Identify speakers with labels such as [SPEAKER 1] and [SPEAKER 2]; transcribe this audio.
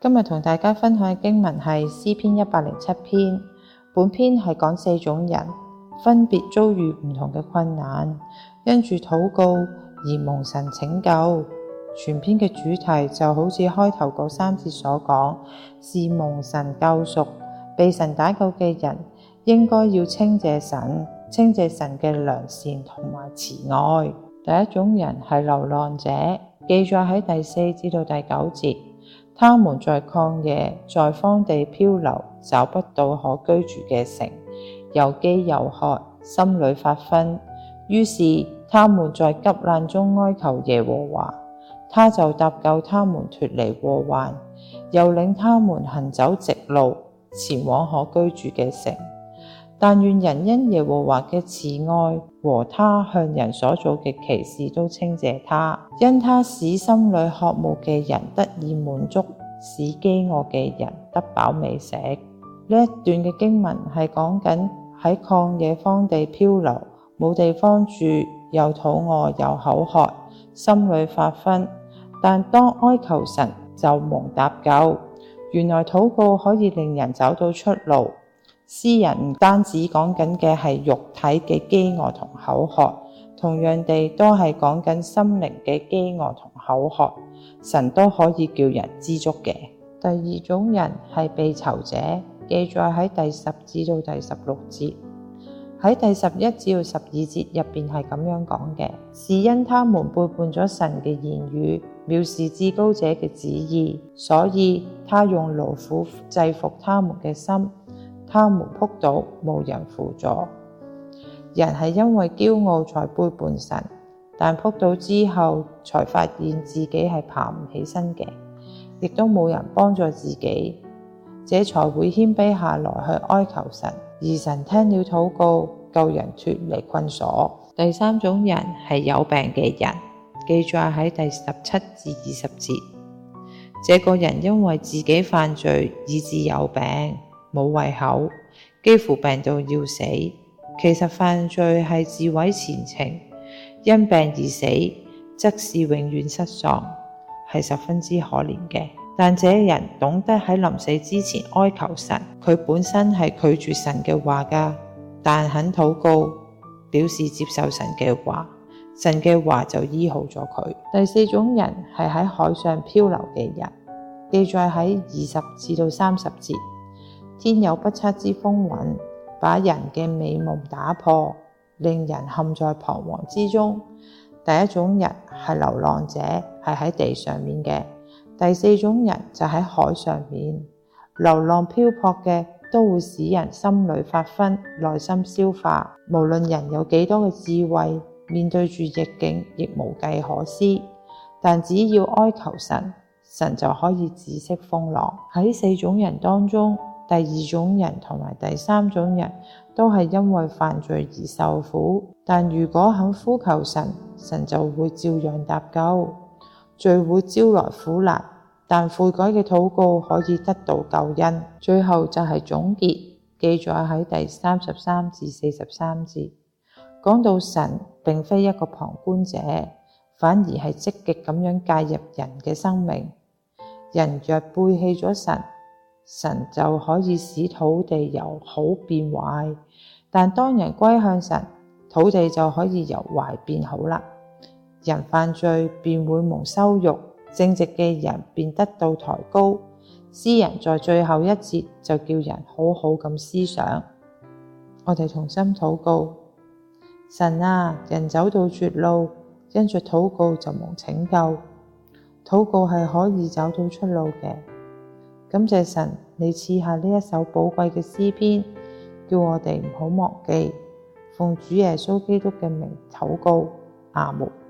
[SPEAKER 1] 今日同大家分享嘅經文係詩篇一百零七篇，本篇係講四種人，分別遭遇唔同嘅困難，因住禱告而蒙神拯救。全篇嘅主題就好似開頭嗰三節所講，是蒙神救贖、被神打救嘅人，應該要稱謝神，稱謝神嘅良善同埋慈愛。第一種人係流浪者，記載喺第四至到第九節。他們在曠野，在荒地漂流，找不到可居住嘅城，又飢又渴，心裏發昏。於是他們在急難中哀求耶和華，他就搭救他們脫離禍患，又領他們行走直路，前往可居住嘅城。.但願人因耶和華嘅慈愛和他向人所做嘅奇事都稱謝他。因他使心裡渴慕嘅人得以滿足，使飢餓嘅人得飽美食。呢段嘅經文係講緊，喺曠野荒地漂流，冇地方住，又肚餓又口渴，心裡發昏，但當哀求神就蒙搭救，原來禱告可以令人找到出路。詩人唔單止講緊嘅係肉體嘅飢餓同口渴，同樣地都係講緊心靈嘅飢餓同口渴。神都可以叫人知足嘅。第二種人係被囚者，記載喺第十至到第十六節，喺第十一至到十二節入邊係咁樣講嘅，是因他們背叛咗神嘅言語，藐視至高者嘅旨意，所以他用勞苦制服他們嘅心。他們扑倒，冇人扶助。人係因為驕傲才背叛神，但扑倒之後，才發現自己係爬唔起身嘅，亦都冇人幫助自己，這才會謙卑下來去哀求神，而神聽了禱告，救人脫離困鎖。第三種人係有病嘅人，記載喺第十七至二十節，這個人因為自己犯罪以致有病。冇胃口，幾乎病到要死。其實犯罪係自毀前程，因病而死，則是永遠失喪，係十分之可憐嘅。但這人懂得喺臨死之前哀求神，佢本身係拒絕神嘅話㗎，但肯禱告，表示接受神嘅話，神嘅話就醫好咗佢。第四種人係喺海上漂流嘅人，記載喺二十至到三十節。天有不測之風雲，把人嘅美夢打破，令人陷在彷徨之中。第一種人係流浪者，係喺地上面嘅；第四種人就喺海上面流浪漂泊嘅，都會使人心裏發昏，內心消化。無論人有幾多嘅智慧，面對住逆境亦無計可施。但只要哀求神，神就可以止息風浪。喺四種人當中。第二種人同埋第三種人都係因為犯罪而受苦，但如果肯呼求神，神就會照樣搭救。罪會招來苦難，但悔改嘅禱告可以得到救恩。最後就係總結，記載喺第三十三至四十三節，講到神並非一個旁觀者，反而係積極咁樣介入人嘅生命。人若背棄咗神。神就可以使土地由好變壞，但當人歸向神，土地就可以由壞變好啦。人犯罪便會蒙羞辱，正直嘅人便得到抬高。詩人在最後一節就叫人好好咁思想，我哋同心禱告，神啊，人走到絕路，因着禱告就蒙拯救，禱告係可以找到出路嘅。感謝神，你賜下呢一首寶貴嘅詩篇，叫我哋唔好忘記，奉主耶穌基督嘅名禱告，阿門。